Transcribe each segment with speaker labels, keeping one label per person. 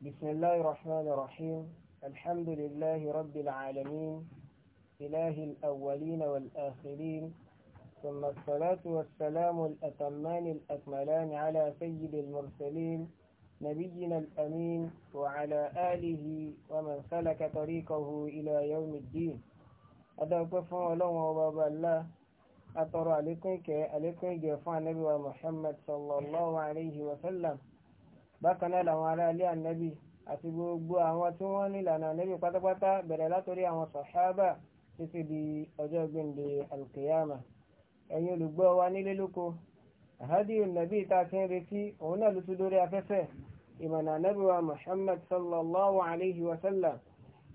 Speaker 1: بسم الله الرحمن الرحيم الحمد لله رب العالمين إله الأولين والآخرين ثم الصلاة والسلام الأتمان الأكملان على سيد المرسلين نبينا الأمين وعلى آله ومن سلك طريقه إلى يوم الدين أدعوكم الله وبابا الله أترى عليكم كي عليكم جفع نبي محمد صلى الله عليه وسلم bákan náà làwọn ará ilé ànábì àti gbogbo àwọn tí wọ́n ní ìlànà ànábì pátápátá bẹ̀rẹ̀ látòrí àwọn sàhábà títí di ọjọ́ gbèǹde alkiyama ẹ̀yin olùgbọ́ wa nílé lóko àhádìí nàbí tá a ti ń retí òun náà ló tún lórí afẹ́fẹ́ ìmọ̀nà ànábì wa Muhammad sallallahu alayhi wa sallam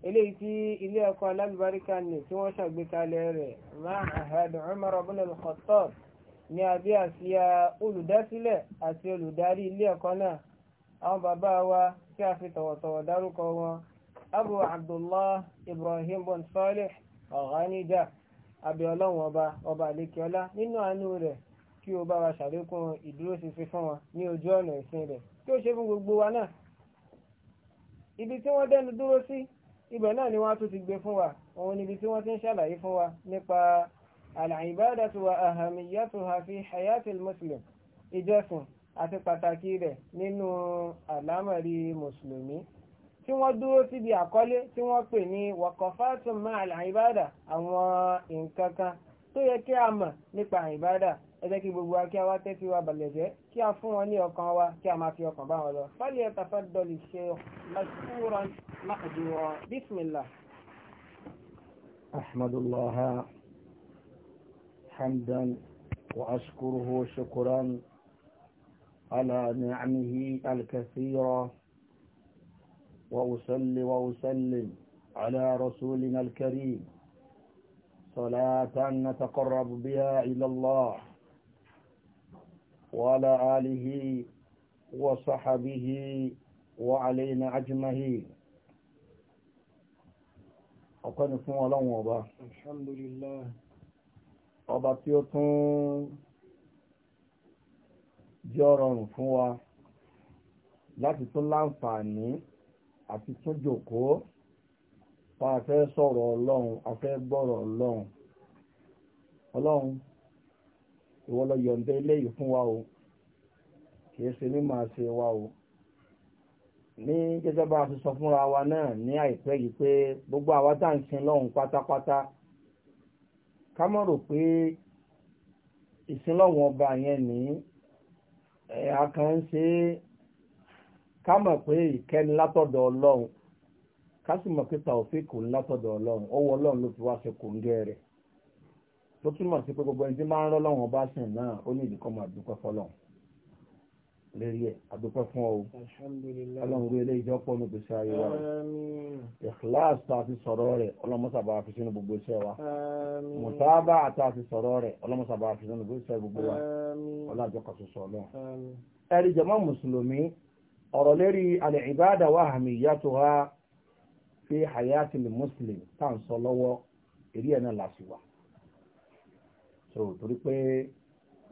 Speaker 1: eléyìí tí ilé ẹ̀kọ́ alábìbáríkà ní tí wọ́n ṣàgbékalẹ̀ rẹ̀ Ma'had Umar ibn àwọn bàbá wa kí a fi tọ̀wọ̀tọ̀wọ̀ dárúkọ wọn abu abdullah ibrahim bon salih ọ̀hánidà abiọlọ́wọ̀n ọba ọba àlékiọlá nínú àánú rẹ̀ kí o bá wa ṣàlékún ìdúróṣinṣin fún wọn ní ojú ọ̀nà ìsìn rẹ̀ kí o ṣe fún gbogbo wa náà ibi tí wọ́n dẹnu dúró sí ibẹ̀ náà ni wọ́n tún ti gbé fún wa òun níbi tí wọ́n ti ń ṣàlàyé fún wa nípa al-ibadatu wa ahamiyatuha fi hayatil muslim ìjọsìn àti pàtàkì rẹ̀ nínú àlámọ̀rí mùsùlùmí tí wọ́n dúró síbi àkọlé tí wọ́n pè ní waqafatun ma'al ibada àwọn nǹkan kan tó yẹ kí a mọ̀ nípa ìbádà ẹ kí gbogbo wa kí a wá tẹ́tí wa balẹ̀ jẹ́ kí a fún wọn ní ọkàn wa kí a máa fi ọkàn bá wọn
Speaker 2: lọ wa ashkuruhu shukran على نعمه الكثيرة وأصلي وأسلم على رسولنا الكريم صلاة نتقرب بها إلى الله وعلى آله وصحبه وعلينا أجمعين أقنفوا لهم وبا
Speaker 1: الحمد لله
Speaker 2: ọba tí jẹ́ ọ̀rọ̀rùn fún wa láti tún láǹfààní àti tún jòkóó pa afẹ́ sọ̀rọ̀ ọlọ́run afẹ́ gbọ́rọ̀ ọlọ́run ọlọ́run ìwọ ló yọ̀ǹda eléyìí fún wa o kìí ṣe ní máa ṣe wa o ní gẹ́gẹ́ bá a ti sọ fúnra wa náà ní àìpẹ́ yìí pé gbogbo àwa tá à ń sin lọ́hùn pátápátá ká mọ̀ rò pé ìsinlọ́hùn ọba yẹn nìyí a kan ń ṣe é ká mọ̀ pé ìkẹ́ni látọ̀dọ̀ ọlọ́run ká sì mọ̀ pé tàòfin kò ń látọ̀dọ̀ ọlọ́run ọwọ́ ọlọ́run ló fi wá ṣe kò ń gẹ́ rẹ̀ gbogbo ẹni tí máa ń lọ́wọ́n bá sìn náà ó ní lérí ẹ̀ àdúpẹ́ fún ọ ọlọ́run rí ilé ìjọpọ̀ ní gbèsè ayé wa ìkìláàsì tá a ti sọ̀rọ̀ rẹ̀ ọlọ́mọ́sàbà fi sínú gbogbo iṣẹ́ wa mùsáàbà tá a ti sọ̀rọ̀ rẹ̀ ọlọ́mọ́sàbà fi sínú gbogbo iṣẹ́ gbogbo wa ọlọ́jọ́ kọ̀sọ̀sọ̀ ọlọ́run. ẹ̀rí jàmá mùsùlùmí ọ̀rọ̀ lérí alẹ́ ìbáàdà wa àmì ìyàtọ̀ ha fi hayati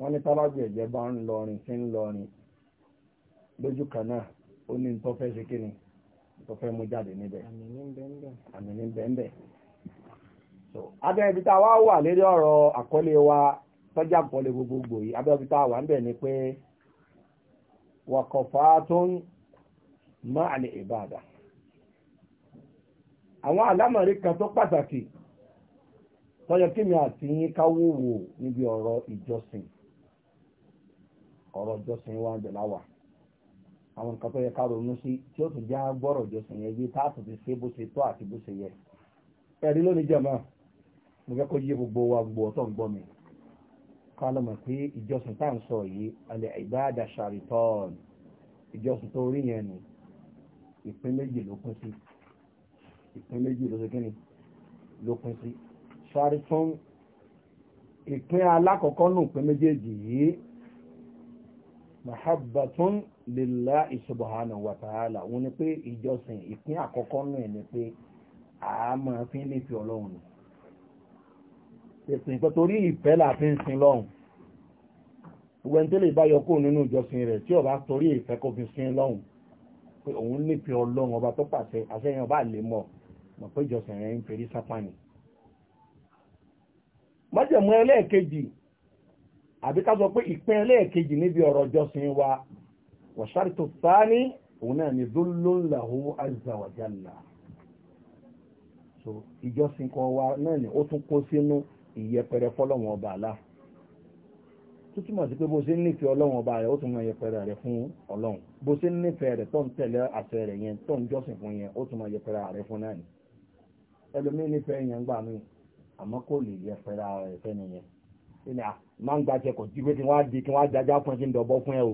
Speaker 2: wọ́n ní tábàgbẹ̀ ẹ̀jẹ̀ bá ń lọrin sí ń lọrin lójú kan náà ó ní tó fẹ́ ṣe kíni tó fẹ́ mú jáde níbẹ̀ àmì ní bẹ́ẹ̀ so abẹ́ẹ̀bí wá wà lérí ọ̀rọ̀ àkọlé wa tọ́jà gbogbogbò yìí wà ń bẹ̀ ni pé wàkọ̀fà tó ń mọ́ àlè ìbàdà àwọn àlámọ̀rí kan tó pàtàkì tọ́jọ́ kí àti yín káwó wò níbi ọ̀rọ̀ ìjọsìn ọ̀rọ̀ wa àwọn nǹkan tó yẹ ká ronú sí tí ó tún já gbọ́rọ̀ jọsìn yẹn yé táàtù ti ṣe bó ṣe tó àti bó ṣe yẹ ẹ̀rí lónìí jẹ̀mọ́ mo fẹ́ kó yé gbogbo wa gbogbo ọ̀tọ̀ ń gbọ́ mi ká lọ mọ̀ pé ìjọsìn tá à ń sọ yìí alẹ́ ìbáàdà ṣàrìtọ́ọ̀nù ìjọsìn tó rí yẹn ni ìpín méjì ló pín sí ìpín méjì ló ṣe ló pín sí ṣàrìtọ́ọ̀n ìpín alákọ̀ọ́kọ́ nù ìpín méjèèjì yìí mahabbatun lillahi subhanahu wa ta'ala wọn ni pé ìjọsìn ìpín àkọ́kọ́ náà ni pé àmọ́ fi ń lè fi ọlọ́run nù ìsìn kan torí ìfẹ́ la fi ń sin lọ́hùn gbogbo ẹni tó lè bá yọkó nínú ìjọsìn rẹ̀ tí ó bá torí ìfẹ́ kó fi sin lọ́hùn pé òun nífẹ̀ẹ́ ọlọ́run ọba tó pàṣẹ àṣẹyàn bá lè mọ̀ mọ̀ pé ìjọsìn rẹ̀ ń ferí sápánì májẹ̀mú ẹlẹ́ẹ̀kejì àbí pé ìpín ẹlẹ́ẹ̀kejì níbi ọ̀rọ̀ ìjọsìn wa wàṣàrìtò sáání òun náà ni dhullun lahu azza so ìjọsìn kan wa náà ni ó tún kó sínú ìyẹpẹrẹ fọ́lọ́wọ́n ọba àlá tó túmọ̀ sí pé bó ṣe nífẹ̀ẹ́ ọlọ́run ọba rẹ̀ ó tún máa yẹpẹrẹ rẹ̀ fún ọlọ́run bó ṣe nífẹ̀ẹ́ rẹ̀ tó ń tẹ̀lé àṣẹ rẹ̀ yẹn tó ń jọ́sìn fún yẹn ó tún máa yẹpẹrẹ rẹ̀ fún náà ni ẹlòmíín nífẹ̀ẹ́ yẹn gbà mí àmọ́ kò lè yẹpẹrẹ rẹ̀ fẹ́ni yẹn ṣé máa ń gbàjẹ kò jí pé kí wọ́n á di kí wọ́n á jájá fún kí ń dọ̀bọ́ fún ẹ o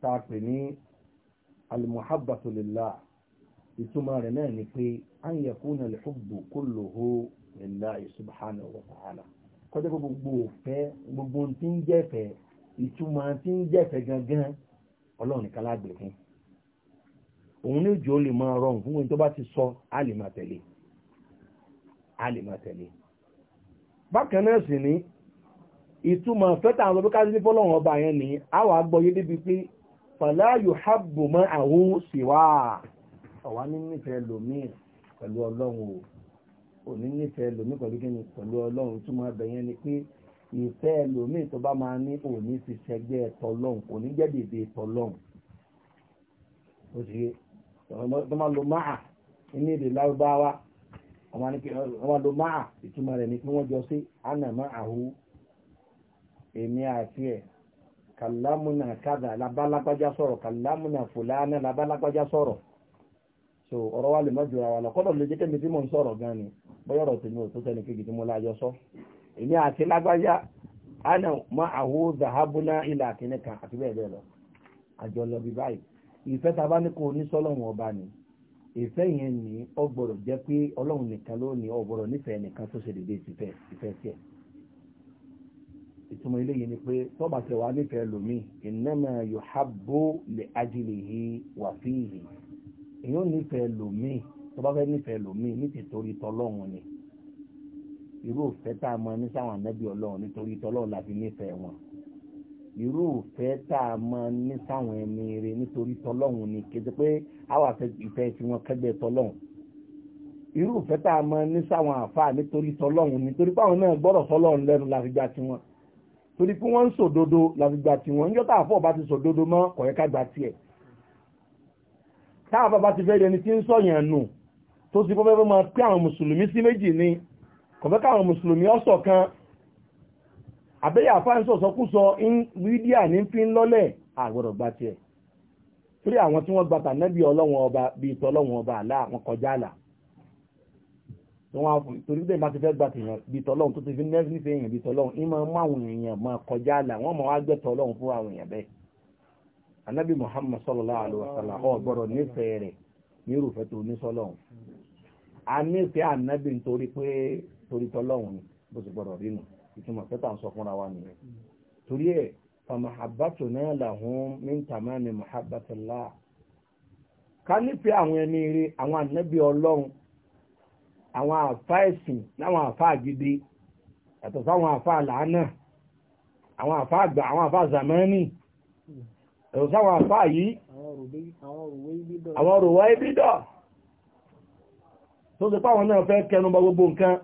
Speaker 2: tá a pè ní al-muhabbatu lillah ìtumọ̀ rẹ̀ náà ni pé an yakuna al-hubbu kulluhu lillahi subhanahu wa ta'ala kọjá gbogbo òfẹ́ gbogbo tí ń jẹ́fẹ́ ìtumọ̀ tí ń jẹ́fẹ́ gangan ọlọ́run nìkan lágbè fún òun ní ìjọ lè máa rọrùn fún tó bá ti sọ a lè bákan náà sì ni ìtumọ̀ fẹ́ta àwọn ọlọ́pẹ́ káàkiri fọ́lọ́run fàlá yóò hábò mọ́ àwọn síwá ọ̀wá ní nífẹ̀ẹ́ lòmí pẹ̀lú ọlọ́run o ò ní nífẹ̀ẹ́ lòmí pẹ̀lú kíni pẹ̀lú ọlọ́run tó máa bẹ̀yẹn ni pé ìfẹ́ lòmí tó bá máa ní òní ti ṣẹgbẹ́ tọlọ́run kò ní jẹ́dẹ̀dẹ̀ tọlọ́run ó ti tó máa lo máa ní èdè lárúbáwá wọ́n lo máa ìtumọ̀ rẹ̀ ni pé wọ́n jọ sí ánàmọ́ àhú èmi àti ẹ̀ kàlámùnà kádà labálágbájá sọ̀rọ̀ kàlámùnà fòlánà labálágbájá sọ̀rọ̀ so ọ̀rọ̀ wa lè má jura wa lọ kọ́dọ̀ lè jẹ́ kẹ́mi tí mò ń sọ̀rọ̀ gan ni bóyá ọ̀rọ̀ tèmi ò tó tí mo sọ èmi àti lágbájá ma àwo zahabuna ilà kìíní kan àti bẹ́ẹ̀ bẹ́ẹ̀ lọ àjọ lọ bí báyìí ìfẹ́ ta bá ní kó ní sọ́lọ́run ọba ni ìfẹ́ yẹn jẹ́ pé ọlọ́run nìkan nífẹ̀ẹ́ nìkan tó ṣe dédé ìtumọ̀ eléyìí ni pé tọ́ba tẹ̀wá nífẹ̀ẹ́ lòmí innama yuhabbu li ajlihi wa fihi èyàn nífẹ̀ẹ́ lòmí tọ́ba fẹ́ nífẹ̀ẹ́ lòmí ní tìtorí tọ́lọ́run ni irú ìfẹ́ tá a mọ ní sáwọn ànábì ọlọ́run nítorí tọ́lọ́run la fi nífẹ̀ẹ́ wọn irú ìfẹ́ tá a mọ ní sáwọn ẹni rẹ nítorí tọ́lọ́run ni kéde pé àwọn ìfẹ́ tí wọ́n kẹ́gbẹ́ tọ́lọ́run irú ìfẹ́ tá a mọ ní sáwọn àfáà nítorí tọ́lọ́run nítorí pé àwọn náà gbọ́dọ̀ tọ́lọ́run lẹ́nu la fi gbà tiwọn torí pé wọ́n ń sòdodo làgbà tí wọ́n ń jọ́ta àfọ́ bá ti sòdodo mọ́ kọ̀yẹ́ká gbà tiẹ̀ táà bàbá ti fẹ́ ẹni tí ń sọ̀yàn nù tó ti fọ́fẹ́ máa pé àwọn mùsùlùmí sí méjì ni kọ̀fẹ́ káwọn mùsùlùmí ọ̀sọ̀ kan àbẹ́yà fáńsọ̀ sọkúsọ mídíà ní fi ń lọ́lẹ̀ àgbọ̀dọ̀ gbà tiẹ̀ torí àwọn tí wọ́n gbàtà nẹ́bí ọlọ́wọ́n ọba bíi tọ́lọ́wọ́n ọba àlá àwọn kọjá àlà wọ́n á fún torí bẹ́ẹ̀ máa ti fẹ́ gbà tèèyàn bíi tọ́lọ́hún tó ti fi nẹ́ẹ̀sì nífẹ̀ẹ́ èèyàn bíi tọ́lọ́hún ìmọ̀ èèyàn máa kọjá àlà wọ́n máa wá gbẹ́ tọ́lọ́hún fún àwọn èèyàn bẹ́ẹ̀. anábì muhammad sallallahu gbọ́dọ̀ nífẹ̀ẹ́ rẹ̀ ní irúfẹ́ tó ní a nífẹ̀ẹ́ anábì nítorí pé torí bó ti gbọ́dọ̀ rínu ìtumọ̀ sọ fúnra wa nìyẹn. torí ẹ̀ ká nífẹ̀ẹ́ àwọn ẹni rí àwọn àwọn àfá ẹ̀sìn láwọn àfá àgídé yàtọ̀ sáwọn àfá àlàánà àwọn àfá àgbà àwọn àfá zamani yàtọ̀ sáwọn àfá yìí àwọn òrùwá ibídọ̀ tó ti pàwọn náà fẹ́ kẹnubọ gbogbo nǹkan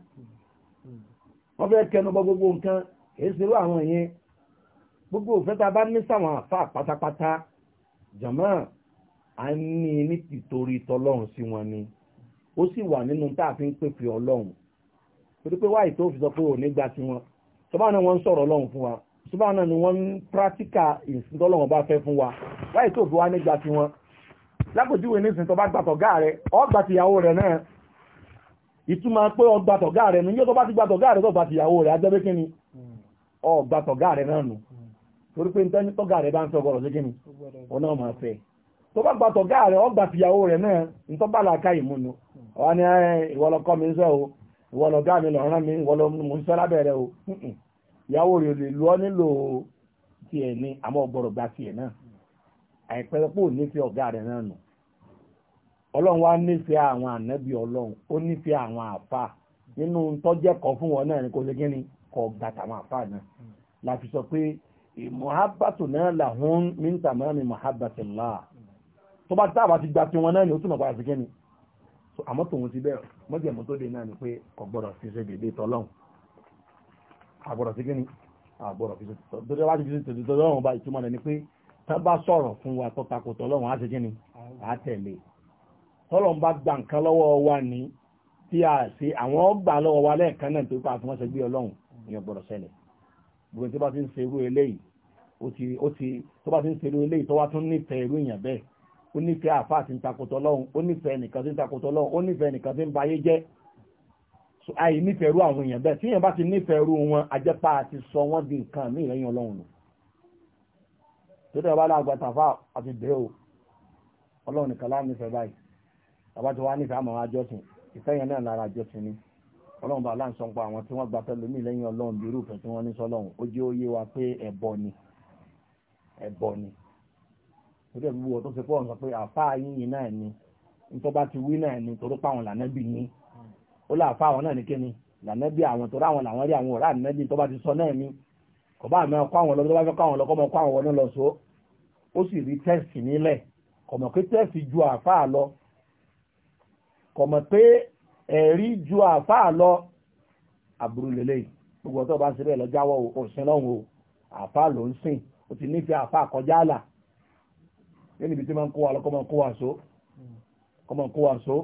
Speaker 2: wọ́n fẹ́ kẹnubọ gbogbo nǹkan kìí ṣerú àwọn yẹn gbogbo òfẹ́ta bá ní sáwọn àfá pátápátá jọ̀mọ́ a ní ní tìtorí tọlọ́run sí wọn ni ó sì wà nínú tá a fi ń pèpè ọlọ́run torí pé wáyé tó fi sọ pé ò ní gba tiwọn ṣùgbọ́n náà wọ́n ń sọ̀rọ̀ ọlọ́run fún wa ṣùgbọ́n náà ni wọ́n ń pírátíkà ìsìntọ́lọ́run bá fẹ́ fún wa wáyé tó fi wá ní gba tiwọn lápòjúwe ní ìsìn tó bá gba tọ̀gá rẹ ó gba tìyàwó rẹ náà ìtumọ̀ pé ó gba tọ̀gá rẹ nu yóò tó bá ti gba tọ̀gá rẹ tó gba tìyàwó rẹ ajẹ́ pékin ni ó gba tọ̀gá rẹ náà nù torí pé nítorí tọ̀gá rẹ bá ń fẹ́
Speaker 3: ọgọ́rọ̀
Speaker 2: wọ́n ni, ìwọ́lọ́kọ́ mi sẹ́ o ìwọ́lọ́gá mi lọ́rán mi ìwọ́lọ́mùsẹ́ lábẹ́rẹ́ o ìyàwó rẹ̀ lè lọ́ nílò tiẹ̀ ní àmọ́ ọgbọ̀rọ̀ gba tiẹ̀ náà àìpẹ́ pò nífẹ̀ẹ́ ọ̀gá rẹ̀ náà nù ọlọ́run wá nífẹ̀ẹ́ àwọn ànábì ọlọ́run ó nífẹ̀ẹ́ àwọn àfà nínú tọ́jẹ́kọ̀ fún wọn náà ní kò ṣe kí ni kọ̀ gba tàwọn àfà náà la fi sọ pé mọ̀hábàtò náà làwọn mí ń tàmọ́ mi mọ̀hábàtò láà tó bá tá àbá ti gba tiwọn náà ni ó túnmọ̀ padà sí kí so àmọ́ tòun ti bẹ́ẹ̀ mọ́jẹ̀mú tó dé náà ni pé kò gbọ́dọ̀ fi ṣe dédé tọ́lọ́hùn àgbọ̀dọ̀ sí kíni àgbọ̀dọ̀ fi ṣe tọ́lọ́hùn láti fi ṣe bá ìtumọ̀ rẹ̀ ni pé tá bá sọ̀rọ̀ fún wa tó takò tọ́lọ́hùn á ṣe kíni á tẹ̀lé tọ́lọ́hùn bá gba nǹkan lọ́wọ́ wa ní tí a ṣe àwọn gbà lọ́wọ́ wa lẹ́ẹ̀kan náà tó pa àfi wọ́n ṣe gbé ọlọ́hùn ìyẹn gbọ́dọ̀ ṣẹlẹ̀ gbogbo tó bá ti ń ṣerú eléyìí tó bá ti ń ṣerú eléyìí tó wá tún nífẹ̀ẹ́ irú èèyàn bẹ́ẹ̀ ó nífẹ̀ẹ́ àfáà tí ń takòtò lọ́hùn ó nífẹ̀ẹ́ nìkan tí ń takòtò lọ́hùn ó nífẹ̀ẹ́ nìkan tí ń ba ayé jẹ́ àì nífẹ̀ẹ́rú àwọn èèyàn bẹ́ẹ̀ tí èèyàn bá ti nífẹ̀ẹ́rú wọn ajẹ́pá àti sọ wọ́n di nǹkan mí ìrẹ́yìn ọlọ́run tó dẹ̀ bá láàgbà tàfà àti bẹ́ẹ̀ o ọlọ́run nìkan láà nífẹ̀ẹ́ báyìí tàbá ti wá nífẹ̀ẹ́ àmọ́ àjọsìn ìfẹ́ yẹn náà lára àjọsìn ni ọlọ́run bá láǹsọ pa àwọn tí wọ́n gba pẹ̀lú mí lẹ́yìn ọlọ́run bí irúfẹ́ tí wọ́n ní sọ́lọ́run ó jẹ́ ó wa pé ẹbọ ni ẹbọ ni torí ẹ̀rú wọ́n tó pọ̀ nǹkan pé àfáà yín náà ni nítorí bá ti wí náà ni torí pa àwọn lànàbì ni ó lè àfáà àwọn náà ni kíni lànàbì àwọn torí àwọn làwọn rí àwọn ọ̀rá ànàbì tó bá ti sọ náà ni kò bá àmọ́ kọ́ àwọn lọ tó bá fẹ́ kọ́ àwọn lọ kọ́ mọ kọ́ àwọn lọ so ó sì rí tẹ́sì nílẹ̀ kọ̀mọ̀ pé tẹ́sì ju àfáà lọ kọ̀mọ̀ pé ẹ̀rí ju àfáà lọ àbúrú lélẹ́yìí gbogbo ọ̀tọ̀ bá ń ṣe bẹ́ẹ̀ lọ jáwọ́ òsìn lọ́hùn o àfáà ló ń sìn ó ti nífẹ̀ẹ́ àfáà kọjá àlà yẹn níbi tí máa ń kó wa lọ kọ́ máa kó wa so kọ́ máa kó wa so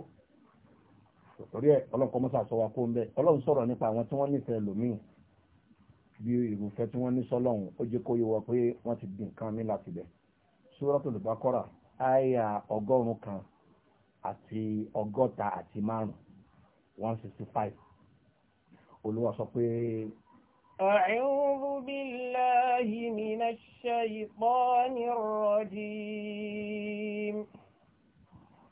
Speaker 2: torí ẹ ọlọ́run kọ́ mọ́sà sọ wa kó ń bẹ́ ọlọ́run sọ̀rọ̀ nípa àwọn tí wọ́n nífẹ̀ẹ́ lòmíì bí ìrùfẹ́ tí wọ́n ní sọ́lọ́run ó jẹ́ kó yé wa pé wọ́n ti di nǹkan mi láti bẹ̀ Suratul Baqara àyà ọgọ́rùn-ún kan àti ọgọ́ta àti márùn-ún one sixty five olúwa sọ pé.
Speaker 1: أعوذ بالله من الشيطان الرجيم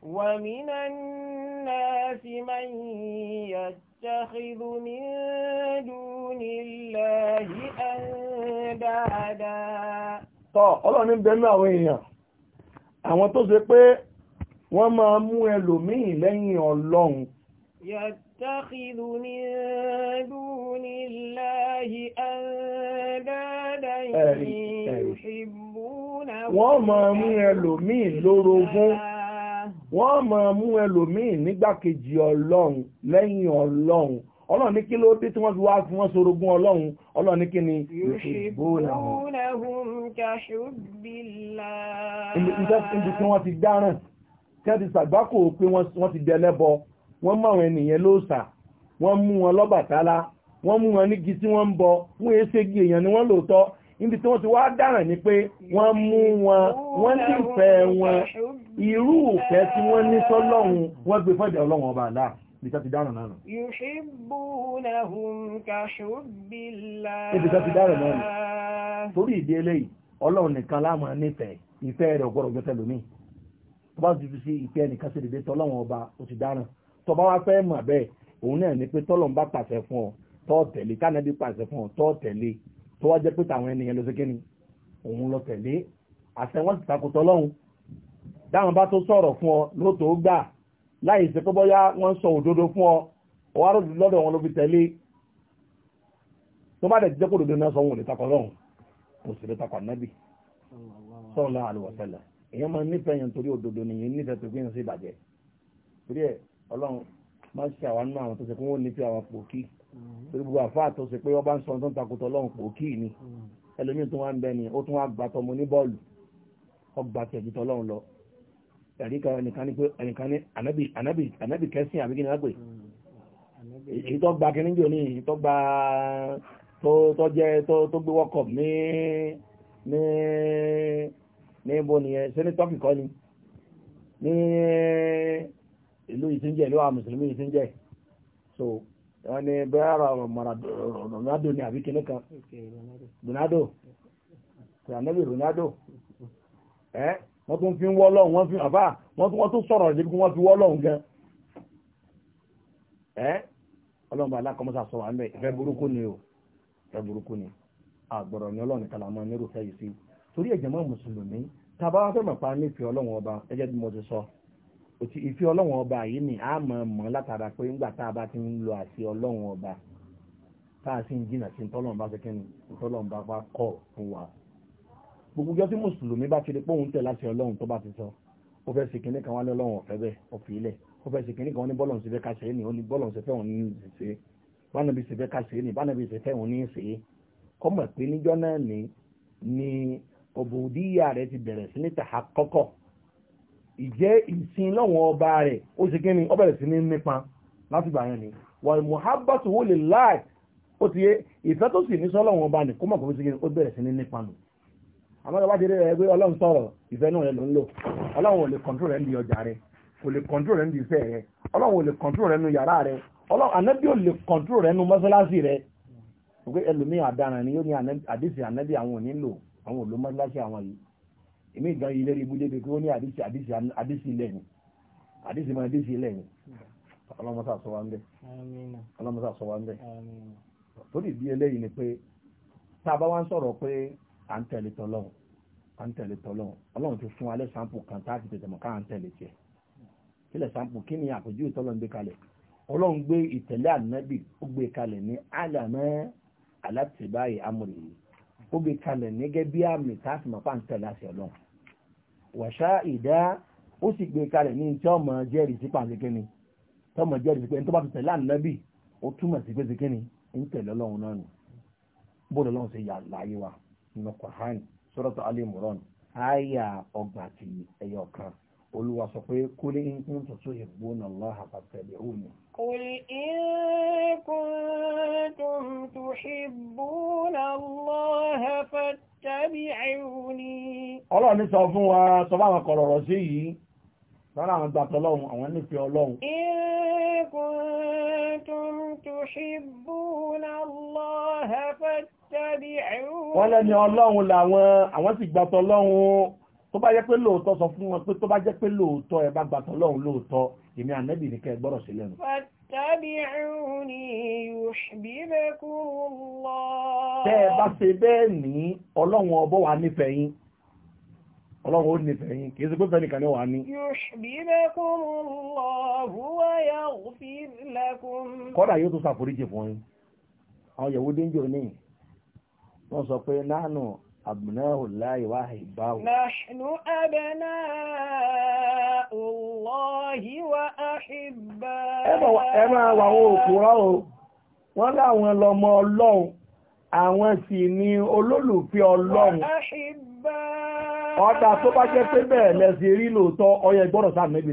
Speaker 1: ومن الناس من يتخذ من دون الله أندادا
Speaker 2: tọ́ ọlọ́ni bẹ̀rẹ̀ àwọn èèyàn àwọn tó ṣe pé wọ́n máa mú ẹlòmíì lẹ́yìn ọlọ́run
Speaker 1: نتخذ من دون الله أندادا يحبونه wọ́n
Speaker 2: máa mú ẹlòmíì lórogún wọ́n máa mú ẹlòmíì nígbàkejì ọlọ́run lẹ́yìn ọlọ́run ọlọ́run ní kí ló dé tí wọ́n fi wá fún wọn sorogún ọlọ́run ọlọ́run ní kí ni ìṣègbónà ìjọ́sìn tí wọ́n wọ́n mú àwọn ènìyàn lóòsà wọ́n mú wọn lọ́bàtálá wọ́n mú wọn nígi tí wọ́n ń bọ wọ́n èségi èèyàn ni wọ́n lóòótọ́ níbi tí wọ́n ti wá dáràn ní pé wọ́n mú wọn wọ́n nífẹ̀ẹ́ wọn irú ìfẹ́ tí wọ́n ní sọ́lọ́run wọ́n gbé fọ́jà ọlọ́run ọba àlá ibi tàti dáràn náà
Speaker 1: ibi tàti dáràn
Speaker 2: náà torí ìdí eléyìí ọlọ́run nìkan láàmú nífẹ̀ẹ́ ìfẹ́ rẹ̀ ọgbọ́rọ̀ gbẹ́tẹ̀ lónìí tó bá ti fi sí ìfẹ́ nìkan sí ìdíbẹ́tọ̀ ọlọ́run ọba ó ti dáràn tó bá wá fẹ́ mọ̀ bẹ́ẹ̀ òun náà ni pé tọ́lọ́n bá pàṣẹ fún ọ tọ́ tẹ̀lé tánàbí pàṣẹ fún ọ tọ́ tẹ̀lé tó wá jẹ́ pé tàwọn ènìyàn lọ sí kíni òun lọ tẹ̀lé àṣẹ wọn sì takò tọ́lọ́hun dáwọn bá tó sọ̀rọ̀ fún ọ ló tó gbà láì ṣe pé bọ́yá wọ́n sọ òdodo fún ọ ọwá ròdù lọ́dọ̀ wọn ló fi tẹ̀lé tó bá dẹ̀ ti jẹ́ kó òdodo náà sọ wọn ò lè takò lọ́hun kò sì lè takò ànábì sallallahu alaihi wasallam èèyàn máa nífẹ̀ẹ́ yẹn torí òdodo nìyẹn ọlọ́run má ṣe àwọn náà àwọn tó ṣe pé wọ́n ní fi àwọn pòkí mm-hmm. torí gbogbo àfáà tó ṣe pé wọ́n bá ń sọ tó ń takùtọ̀ ọlọ́run pòkí ni mm-hmm. ẹlòmíì tó wá ń bẹ ni ó tún wá gbà tọmọ ní bọ́ọ̀lù ọgbà tẹ̀jú tọlọ́run lọ ẹ̀rí kan ẹnìkan ní pé ẹnìkan ní ànábì kẹsìn àbí kí ni wọ́n pè mm-hmm. èyí tó gba kí níjò ní èyí tó gba tó jẹ́ tó gbé wọ́kọ̀ ní ní ní ibo nìyẹn ṣé tọ́kì kọ́ ni. ìtíjẹ́ ìlú àwọn mùsùlùmí ìtíjẹ́ so wọ́n ni bẹ́ẹ̀ Ronaldo ni àbí kìnnì Ronaldo Ronaldo Ronaldo ẹ́ wọ́n tún fi ń wọ́ lọ́hùn wọ́n fi àbá wọ́n tún sọ̀rọ̀ ìdíkú wọ́n fi wọ́ lọ́hùn gan ẹ́ ọlọ́mọ alákọ̀mọ́sà sọ wà ń bẹ̀ ìfẹ́ burúkú ni o ìfẹ́ burúkú ni àgbọ̀rọ̀ ni ọlọ́run kan àmọ́ nírúfẹ́ yìí sí torí ẹ̀jẹ̀ mọ́ mùsùlùmí tàbá fẹ́ mọ̀ pa nífẹ̀ẹ́ ọlọ́run ọba ẹjẹ́ bí mo ti sọ òtí ìfẹ́ ọlọ́run ọba yìí ni a mọ̀ mọ́ látara pé ńgbà tá a bá ti ń lo àṣẹ ọlọ́run ọba tá a sì ń jìnà sí tọ́lọ́run bá fẹ́kẹ́ ni tọ́lọ́run bá bá kọ̀ fún wa gbogbo ọjọ́ tí mùsùlùmí bá ti rí pé òun tẹ̀ láṣẹ ọlọ́run tó bá ti sọ ó fẹ́ ṣe kinní kan wá ní ọlọ́run ọ̀fẹ́ bẹ́ẹ̀ ó fi ilẹ̀ ó fẹ́ ṣe kan ní ní ó ní ìjẹ́ ìsìn lọ́wọ́ ọba rẹ̀ ó ṣe kí ni ó bẹ̀rẹ̀ sí ní nípa láti gbà yẹn ni wà ní muhabbatu wò lè láì ó ti yé ìfẹ́ tó sì ní sọ́lọ́wọ́ ọba ni kó mọ̀ kó ṣe kí ni ó bẹ̀rẹ̀ sí ní nípa nù àmọ́ ìwà ti rí rẹ̀ pé ọlọ́run sọ̀rọ̀ ìfẹ́ náà rẹ̀ ló ń lò ọlọ́run ò lè kọ̀ǹtró rẹ̀ ń di ọjà rẹ̀ kò lè kọ̀ǹtró rẹ̀ ń di iṣẹ́ rẹ̀ ọlọ́run ò lè kọ̀ǹtró rẹ̀ nu yàrá rẹ̀ ọlọ́run ànábì ò lè kọ̀ǹtró rẹ̀ nu mọ́sálásí rẹ̀ pé ẹlòmíì àdáran ni yóò ní àdéṣe ànábì àwọn ò ní lò àwọn ò lò mọ́sálásí àwọn yìí èmi ìgbọ́n yìí lérí ibúdé bíi kí wọ́n ní àdísì àdísì àdísì ilẹ̀ ni àdísì máa àdísì ilẹ̀ ni ọlọ́mọsá sọ wá ń bẹ̀ ọlọ́mọsá sọ wá ń bẹ̀ tó dìbí eléyìí ni pé tá a bá wá ń sọ̀rọ̀ pé à ń tẹ̀lé tọ́lọ́hún à ń tẹ̀lé tọ́lọ́hún ọlọ́run ti fún alẹ́ sampo kan tá a ti tètè mọ̀ ká à ń tẹ̀lé tiẹ̀ kílẹ̀ sampo kí ni àpèjúwe tọ́lọ́run gbé kalẹ̀ ọlọ́run gbé ìtẹ̀lé ànábì ó gbé kalẹ̀ ní àlàmọ́ alátìbáyé amòrè yìí ó gbé kalẹ̀ ní gẹ́gẹ́ bí àmì tá a ti mọ̀ pa ń tẹ̀lé àṣẹ ọlọ́run wàṣá ìdá ó sì gbé kalẹ̀ ní tí ọmọ jẹ́rìí sí Ni kínní tọmọ jẹ́rìí sí pé tó bá fi tẹ̀lé ànábì ó túmọ̀ sí pé sí kínní ń tẹ̀lé ọlọ́run náà nù bóòdù ọlọ́run ṣe yà láyé wa nínú Kùránì Suratu Ali Imran áyà ọgbà àti ẹyọ kan Olúwa sọ pé qul in kuntum tuhibbuna Allaha fattabi'uni.
Speaker 1: Qul in kuntum tuhibbuna Allaha fattabi'uni.
Speaker 2: Ọlọ́run ní sọ fún wa sọ bá wọn kọ̀rọ̀rọ̀ sí yìí lára àwọn gbàtọ̀ ọlọ́run àwọn nífẹ̀ẹ́ ọlọ́run.
Speaker 1: In Wọ́n lẹ́ni ọlọ́run
Speaker 2: làwọn àwọn sì gbàtọ̀ ọlọ́run tó bá jẹ́ pé lóòótọ́ sọ fún wọn pé tó bá jẹ́ pé lóòótọ́ ẹ bá gbàtọ́ lọ́hùn lóòótọ́ èmi ànẹ́bì ní kẹ́ gbọ́rọ̀ sí lẹ́nu.
Speaker 1: tẹ́ ẹ bá
Speaker 2: ṣe bẹ́ẹ̀ ní ọlọ́run ọbọ̀ wa nífẹ̀ẹ́ yín ọlọ́run ó nífẹ̀ẹ́ yín kì ṣe pé fẹ́ẹ́ nìkan wà ní. kọ́dà yóò tún ṣàforíjì fún yín àwọn yẹ̀wò dénjọ́ ní wọ́n sọ pé náà náà أبناء الله
Speaker 1: وأحباؤه نحن أبناء الله وأحباؤه ẹ وهو wà ولا òkúrọ́ o wọ́n láwọn
Speaker 2: lọ́mọ ọlọ́run àwọn sì ni olólùfẹ́ ọlọ́run ọ̀dà tó bá jẹ́ pé bẹ́ẹ̀ lẹ́sì rí lóòótọ́ ọyẹ gbọ́dọ̀ sáà mẹ́bí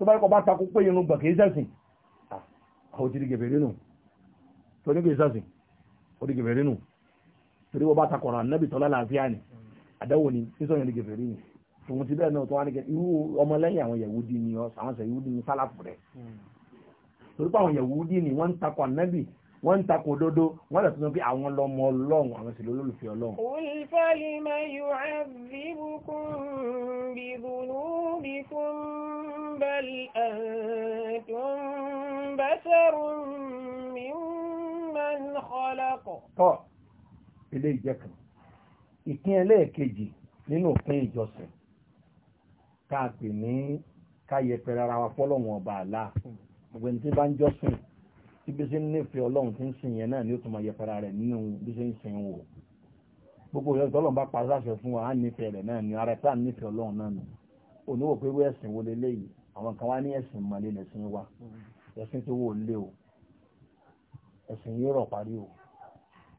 Speaker 2: tó bá rí kọ bá takú pé irun gbọ̀n kìí sẹ́sìn àwọn òtí gẹ̀bẹ̀ rínú tó ní kìí sẹ́sìn ó di gẹ̀bẹ̀ rínú torí wọ́n bá takọ̀rọ̀ ànábì tọ́lá làáfíà ni àdáwò ni sísọ̀yìn di gẹ̀bẹ̀ rínú tòun ti bẹ́ẹ̀ náà tó wá ní kẹ irú ọmọ lẹ́yìn àwọn yẹ̀wúdí ni ọ àwọn sẹ̀yìn yẹ̀wúdí ni sálàfù rẹ̀ hmm. torí àwọn yẹ̀wúdí ni wọ́n ń takọ̀ ànábì wọ́n ń takò òdodo wọ́n lè tuntun pé àwọn lọ́mọ ọlọ́run àwọn sì lólùfẹ́ ọlọ́run.
Speaker 1: olùfàlìmọ̀ yóò àbíbùkún bìbùnú bìkún bẹ́ẹ̀ ẹ̀ẹ́dùn bẹ́sẹ̀rùn mímọ́n kọ́lákọ̀.
Speaker 2: tọ́ ilé ìjẹ́kan ìpín ẹlẹ́ẹ̀kejì nínú òpin ìjọsìn ká ní ká yẹpẹrẹ wa fọ́lọ́wọ̀n ọba àlá gbogbo bá ń jọ́sìn àti bí ṣe ń nífẹ̀ẹ́ ọlọ́run tí ń sìn yẹn náà ni ó tún máa yẹpẹra rẹ̀ nínú bí ṣe ń sìn wò gbogbo ìyẹn tọ́lọ̀ bá parí láṣẹ fún wa á nífẹ̀ẹ́ rẹ̀ náà ni ara tá à ọlọ́run náà nù oníwò pé wọ́n ẹ̀sìn wo leléyìí àwọn kan wá ní ẹ̀sìn mọ̀lẹ́ lẹ́sìn wa ẹ̀sìn tó wò lé o ẹ̀sìn yóò rọ̀ parí o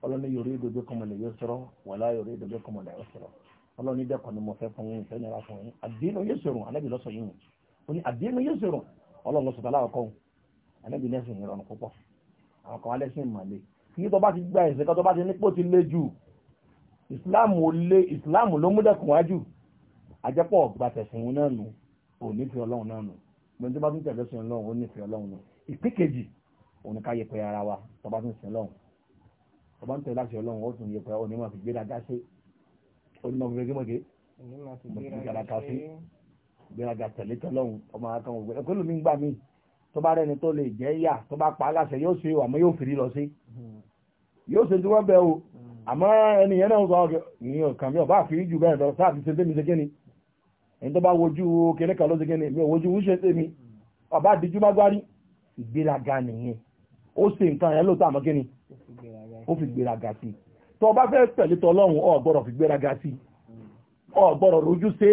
Speaker 2: ọlọ́ni yorí dodo kọmọlẹ̀ yóò sọ̀rọ̀ wàlá yorí dodo kọmọlẹ̀ yóò sọ̀rọ̀ ọlọ́ni dẹ́kọ̀ ni mo fẹ́ fún yín fẹ́ nira fún yín àdínú yóò sọ̀rọ̀ anábì lọ́sọ̀ yín o ní àdínú yóò sọ̀rọ̀ ọlọ́run lọ́sọ̀tà láàkọ́ ànábì lẹ́sìn ìrọ̀rùn púpọ̀ àwọn kan lẹ́sìn ìmọ̀lẹ́ kí tó bá ti gba ẹ̀sìn kan tó bá ti nípò ti lé jù ìsìláàmù ló mú dẹ̀kùn wájú àjẹpọ̀ ọ̀gbà tẹ̀sìn náà nù ò nífẹ̀ẹ́ ọlọ́run náà nù gbọ́n tó bá tún tẹ̀lé sin ọlọ́run ó nífẹ̀ẹ́ ọlọ́run nù ìpín kejì òun ká yẹpẹ ara wa tó bá tún sin ọlọ́run tó bá ń tẹ̀lé láti ọlọ́run ó tún yẹpẹ onímọ̀ fi gbéra dá sí onímọ̀ fi gbéra gé
Speaker 1: mọ̀tí gbéra ká sí
Speaker 2: gbéra ká tẹ̀lé tọ́lọ́run ọmọ akọ́wọ̀n ẹ̀kọ́ lómi ń gbà míì tó bá rẹni tó lè jẹ́ yà tó bá pa aláṣẹ yóò ṣe àmọ́ yóò fìrí lọ sí yóò ṣe tí wọ́n bẹ̀ o àmọ́ ẹni yẹn náà sọ ọ́gẹ́ ìyẹn ọ̀kan mi ọ̀bá àfìrí jù bẹ́ẹ̀ lọ sáà fi ṣe tẹ́mi ṣe kíni ẹni tó bá wojú kéré kan ló ṣe kíni mi ò wojú wúṣe tẹ́mi ọ̀bá àdíjú má gbárí ìgbéraga nìyẹn ó ṣe nǹkan yẹn lóòótọ́ àmọ́ kíni ó fi gbéraga sí tó bá fẹ́ tẹ̀lé tọlọ́run o gbọ́dọ̀ fi gbéraga sí o gbọ́dọ̀ rojú ṣe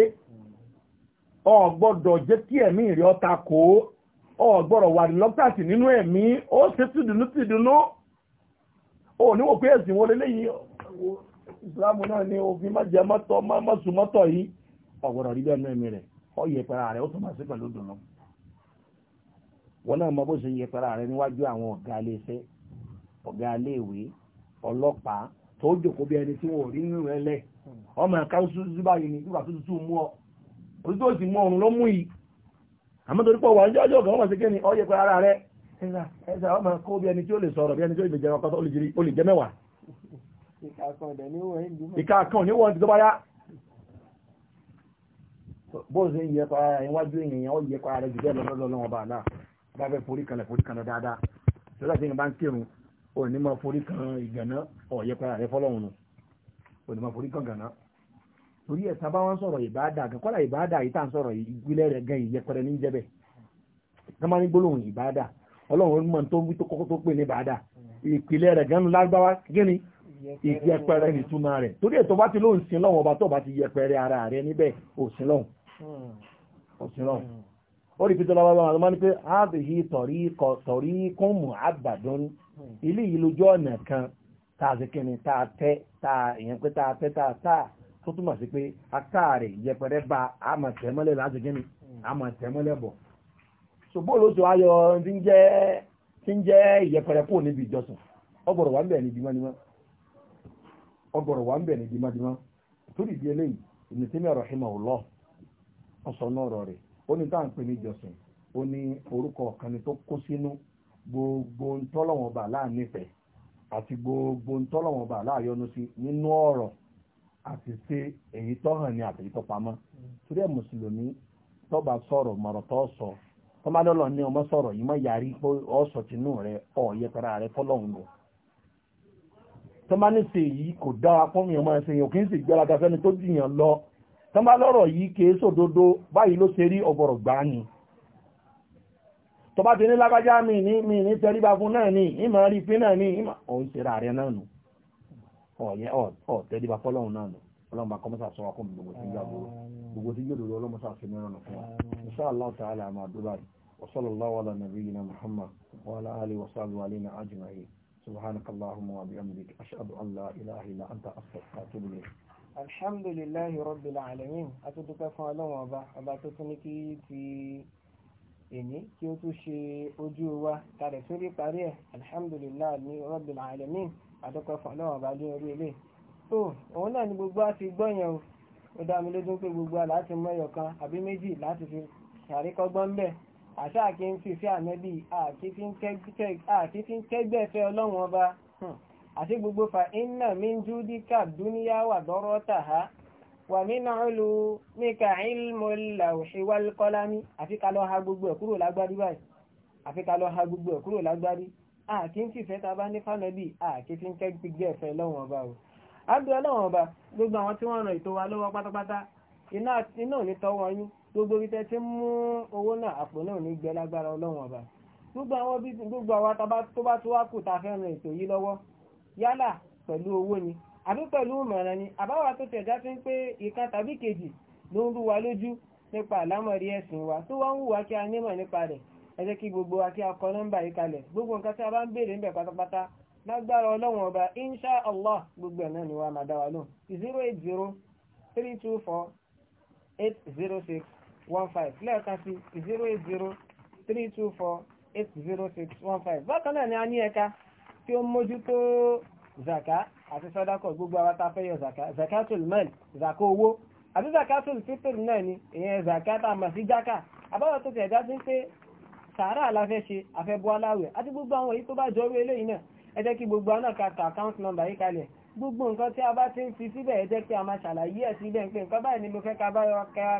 Speaker 2: o gbọ́dọ̀ jẹ́ kí ẹ̀mí rẹ̀ ó ta kò ọ̀gbọ́rọ̀ wà lọ́pàtì nínú ẹ̀mí ó ṣe tìdùnú tìdùnú ó níwò pé ẹ̀sìn wọlé lẹ́yìn ìsìlámù náà ni òfin má jẹ mọ́tọ̀ má sùn mọ́tọ̀ yìí ọ̀gbọ́rọ̀ rí bẹ́ẹ̀ mẹ́rin rẹ̀ ọ yẹpẹra rẹ̀ ó tún máa sí pẹ̀lú dùnú wọn náà mọ bó ṣe yẹpẹra rẹ̀ níwájú àwọn ọ̀gá iléeṣẹ́ ọ̀gá iléèwé ọlọ́pàá tó jòkó bí ẹni tí wọn ò rí nínú rẹ̀ lẹ̀ ọmọ ẹ̀ka ó sún sí báyìí ní ìgbà tó tutù mú ọ òtútù ó sì mú ọrùn ló mú yìí àmọ́ torí pọ̀ wà ń jọ́jọ́ kan wọ́n sì kéni ọ yẹ pé ara rẹ ẹ̀sà ọmọ kó bí ẹni tí ó lè sọ̀rọ̀ bí ẹni tí ó lè jẹun ọkọ̀ ó lè jẹ mẹ́wàá ìka kan ní wọ́n ti tó bá yá bóòsì ń yẹ pa ara yẹn wájú èèyàn ó yẹ pa ara jù bẹ́ẹ̀ lọ́dọ́ lọ́wọ́ bá náà bá fẹ́ forí kanlẹ̀ forí kanlẹ̀ dáadáa sọ́dọ̀ tí yẹn bá ń kírun ò ní mọ forí kan ìgànná ó yẹ pa ara rẹ fọ́lọ́run torí ẹ̀ sábà wọn sọ̀rọ̀ ìbáadà gan kọ́lá ìbáadà yìí tá à ń sọ̀rọ̀ ìgbìlẹ̀ rẹ̀ gan ìyẹpẹrẹ ní jẹ́bẹ̀ gbọ́n máa ní gbólóhùn ìbáadà ọlọ́run mọ̀ tó wí tó kọ́kọ́ tó pè ní ìbáadà ìpìlẹ̀ rẹ̀ gan lágbáwá gíní
Speaker 3: ìyẹpẹrẹ
Speaker 2: nìtumọ̀ rẹ̀ torí ẹ̀ tó bá ti lóhùn sin lọ́wọ́ ọba tó bá ti yẹpẹrẹ ara rẹ̀ níbẹ̀ òsìn lọ́hùn òsìn lọ́hùn ó tó túmọ̀ sí pé akáàrè yẹpẹrẹ bá àmọ̀ láti gẹ́ni àmọ̀ bọ̀ ṣùgbọ́n ayọ̀ ti ń jẹ́ ìyẹpẹrẹ kúrò níbi ìjọsìn ọgbọ̀rọ̀ wà ń bẹ̀ ní dìmọ́dìmọ́ ọgbọ̀rọ̀ wà ń bẹ̀ ní dìmọ́dìmọ́ torí eléyìí tó kó sínú gbogbo ntọ́lọ́wọ̀n bà láàánú àti gbogbo ntọ́lọ́wọ̀n bà láàyọnu sí àṣìṣe èyí tó hàn ní àtẹ̀yí tó pamọ́ torí ẹ̀ mùsùlùmí tó bá sọ̀rọ̀ mọ̀rọ̀ tó sọ tó bá dọ́lọ̀ ní ọmọ sọ̀rọ̀ yìí mọ́ yarí pé ọ̀sọ̀ tinú rẹ ọ̀yẹ́ pẹ̀lú ààrẹ fọlọ́hún lọ. tó bá ní ṣe yìí kò dára fún mi ọmọ ẹsẹ̀ yìí kì í sì gbéraga fẹ́ni tó jìyàn lọ tó bá lọ́rọ̀ yìí kì sòdodo báyìí ló ṣe rí ọ̀bọ̀rọ̀ gbá ni tó bá ti ní lágbájá mi ní mi ní tẹríba fún náà ní ìmọ̀ rí fín náà ní ìmọ̀ òun ṣe ra ààrẹ náà nù ọ̀yẹ́ ọ̀tẹ́ dípa fọ́lọ́hun náà nù ọlọ́mọ akọ́mọ́sà sọ wa kó mi gbogbo tí ń gbà gbogbo gbogbo tí yóò lò ọlọ́mọsà sí mẹ́rin ọ̀nà fún wa insha Allah ta'ala àmà àdúrà وصلى الله على نبينا محمد وعلى آله وصحبه علينا أجمعين سبحانك اللهم وبحمدك أشهد أن لا إله إلا أنت أستغفرك وأتوب إليك
Speaker 1: الحمد لله رب العالمين أتدك فالون وبا أبا تتنكي في èní kí ó tún ṣe ojú wa tàrẹ̀ sórí parí ẹ̀ alhamdulillah rabbil alamin àdọ́kọ̀ fún ọlọ́run ọba lé orí ilé tó òun náà ni gbogbo á ti gbọ́ yẹn o ó dá mi lójú pé gbogbo aláti mọ ẹyọ kan àbí méjì láti fi ṣàríkọ́gbọ́n ń bẹ̀ àṣà kí n fi sí ànẹ́bí àti fi ń kẹ́gbẹ́ fẹ́ ọlọ́run ọba hmm. àti gbogbo fa iná mi ń jú díkà dúníyà wà dọ́rọ́ tà á wà nínú ìlú níka ìlmọ̀lá òṣèwálé kọ́lámi lọ ha gbogbo ẹ̀ kúrò lágbárí àti ń fìfẹ́ ta bá ní fánàbí àti fi ń kẹ́ gbígbé ẹ̀fẹ́ lọ́wọ́n ọba o àbí ọlọ́wọ́n ọba gbogbo àwọn tí wọ́n ràn ètò wa lọ́wọ́ pátápátá iná ò ní tọ́wọ́ yín gbogbo ibi tẹ́ ti ń mú owó náà àpò náà ní gbẹ lágbára ọlọ́wọ́n ọba gbogbo àwọn bí gbogbo àwọn tó bá tó wá kù ta fẹ́ ràn ètò yìí lọ́wọ́ yálà pẹ̀lú owó ni àbí pẹ̀lú ìmọ̀ràn ni àbáwá tó tẹ̀dá fi ń ẹ jẹ́ kí gbogbo àti akọ nọ́mbà yìí kalẹ̀ gbogbo nǹkan tí a bá ń béèrè ń bẹ̀ pátápátá lágbára ọlọ́wọ̀n ọba insha allah gbogbo ẹ̀ náà ni wà máa dá lò zero eight zero three two four eight zero six one five lẹ́ẹ̀kan sí zero eight zero three two four eight zero six one five bákan náà ni a ní ẹ̀ka tí ó mójútó zaka àti sọ́dákọ̀ gbogbo àwọn tá a fẹ́ yọ zaka zakatul mal zaka owó àti zakatul fitr náà ni ìyẹn zaka tá a mọ̀ sí jáka àbáwọ̀ tó ti ẹ̀dá sí pé sàárà aláfẹ́ ṣe afẹ́bọ́ aláwẹ̀ àti gbogbo àwọn èyí tó bá jọ orí eléyìí náà ẹ jẹ́ kí gbogbo àwọn náà ka account number yìí kalẹ̀ gbogbo nǹkan tí a bá ti ń fi síbẹ̀ ẹ jẹ́ kí a máa ṣàlàyé ẹ̀ síbẹ̀ pé nǹkan báyìí ni mo fẹ́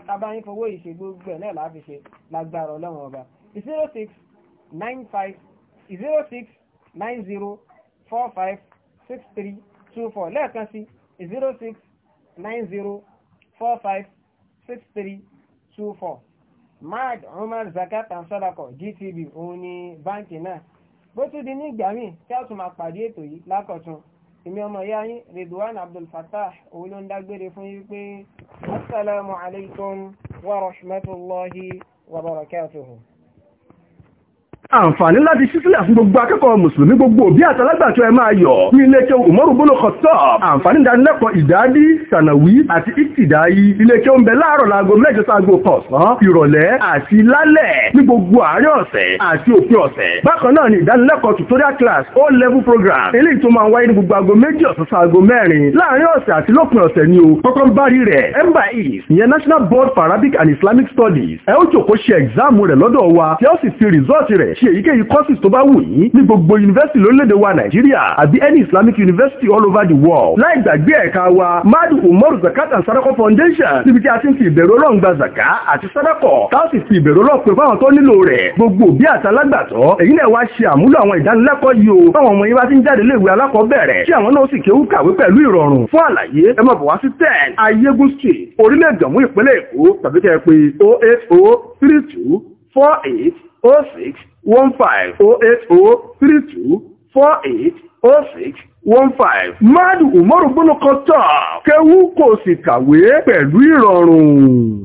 Speaker 1: ká yín fowó ìṣe gbogbo ẹ̀ náà láàfi ṣe lágbára ọlọ́run ọba zero six nine five zero lẹ́ẹ̀kan sí zero six nine zero four mad Umar zakat and sadako GTB òun ni báńkì náà bó tún di nígbà míì tí a tún máa pàdé ètò yìí lákọ̀tún èmi ọmọ ìyá yín Ridwan Abdul Fattah òun ló ń dágbére fún yín pé assalamu alaikum wa rahmatullahi wa barakatuhu
Speaker 3: àǹfààní láti ṣísílẹ̀ fún gbogbo akẹ́kọ̀ọ́ mùsùlùmí gbogbo òbí àtàlágbàtọ́ ẹ máa yọ̀ ní iléeṣẹ́ Umaru Bolo Khattab àǹfààní ìdánilẹ́kọ̀ọ́ ìdádí sànàwí àti ìtìdáyí iléeṣẹ́ ń bẹ láàárọ̀ láago mẹ́jọ sáago kọ̀ọ̀sán ìrọ̀lẹ́ àti lálẹ́ ní gbogbo àárín ọ̀sẹ̀ àti òpin ọ̀sẹ̀ bákan náà ni ìdánilẹ́kọ̀ọ́ tutorial class O level program eléyìí tó máa wáyé ní gbogbo aago méjì ọ̀sán sáago mẹ́rin láàárín ọ̀sẹ̀ àti lópin ọ̀sẹ̀ ni o kọ́kọ́ ń bárí rẹ̀ emba east ìyẹn National Board for Arabic and Islamic Studies ẹ ó jòkó ṣe ẹ̀gzáàmù rẹ̀ lọ́dọ̀ wa tí ó sì fi rìsọ́ọ̀tì rẹ̀ ṣe èyíkéyìí courses tó bá wù yín ní gbogbo yunifásitì lórílẹ̀‐èdè wa nàìjíríà àbí any islamic university all over the world láì gbàgbé ẹ̀ka wa madu umaru zakat and sadako foundation níbi tí a ti ń fi ìbẹ̀rù ọlọ́run gba zaka àti sadako tá a sì fi ìbẹ̀rù ọlọ́run pè fáwọn tó nílò rẹ̀ gbogbo òbí àti alágbàtọ́ èyí náà wá ṣe àmúlò àwọn ìdánilẹ́kọ̀ọ́ yìí o fáwọn ọmọ yín bá ti ń jáde léèwé alákọ̀ọ́bẹ̀rẹ̀ kí àwọn náà sì kéwú kàwé pẹ̀lú ìrọ̀rùn fún ten ayégún street orílẹ̀ ìjọ̀mú ìpínlẹ̀ èkó tàbí kẹ́ ẹ pé oh eight oh three two four eight oh six one five oh eight oh three two four eight oh six one five. Madu Umaru Bono Kọ́tọ̀ kéwú kò sì kàwé pẹ̀lú ìrọ̀rùn.